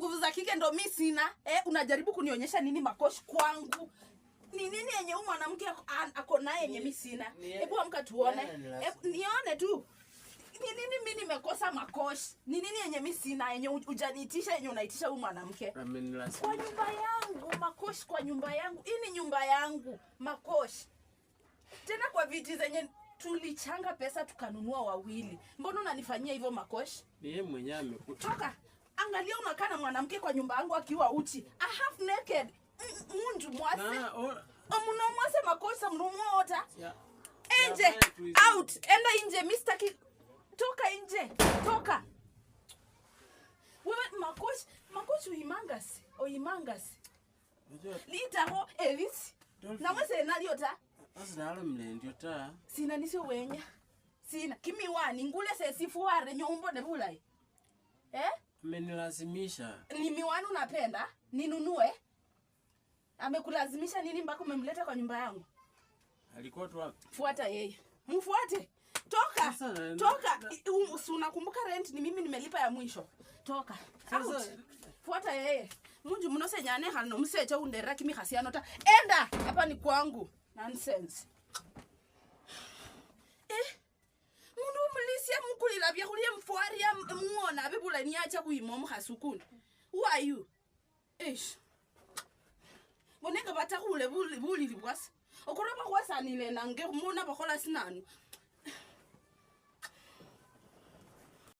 nguvu za kike ndo mi sina eh, unajaribu kunionyesha nini makoshi kwangu ni nini yenye huyu mwanamke ako naye yenye mi sina? Hebu amka tuone, nione tu ni nini mi nimekosa makoshi, ni nini yenye mi sina, yenye ujanitisha yenye unaitisha huyu mwanamke kwa nyumba yangu? Makoshi kwa nyumba yangu, hii ni nyumba yangu, makoshi tena kwa viti zenye tulichanga pesa tukanunua wawili. Mbona unanifanyia hivyo makoshi? Ni mwenyewe amekutoka Angalia unakaa na mwanamke kwa nyumba yangu akiwa uchi. a half naked. Mundu mwase. Nah, oh. or... Muna mwase makosa mnumuota. Yeah. Enje, yeah, out. Enda nje, Mr. Ki... Toka nje. Toka. Wewe makosa, makosa uimangasi. Uimangasi. Lita ho, Elvis. Eh, na mwase nalio ta enaliota. asidalo mlendio ta sina nisi wenya sina kimiwani ngule sesifuare nyombo nebulai eh? Mmenilazimisha. Ni miwani unapenda ninunue? Amekulazimisha nini mpaka umemleta kwa nyumba yangu? Alikuwa tu wapi? Fuata yeye. Mfuate. Toka. Sasa, toka. Si unakumbuka rent ni mimi nimelipa ya mwisho. Toka. Sasa fuata yeye. Munju nyane hano msecha undera kimi hasiano ta. Enda. Hapa ni kwangu. Nonsense. Eh. Mundu mulisia mukulila kulia mfuari ya muona bora niacha kuima omukhasi ukundi who are you eish bonenge batakhule bulili bwasi okuraba khwasanile nange muna bakhola sinanu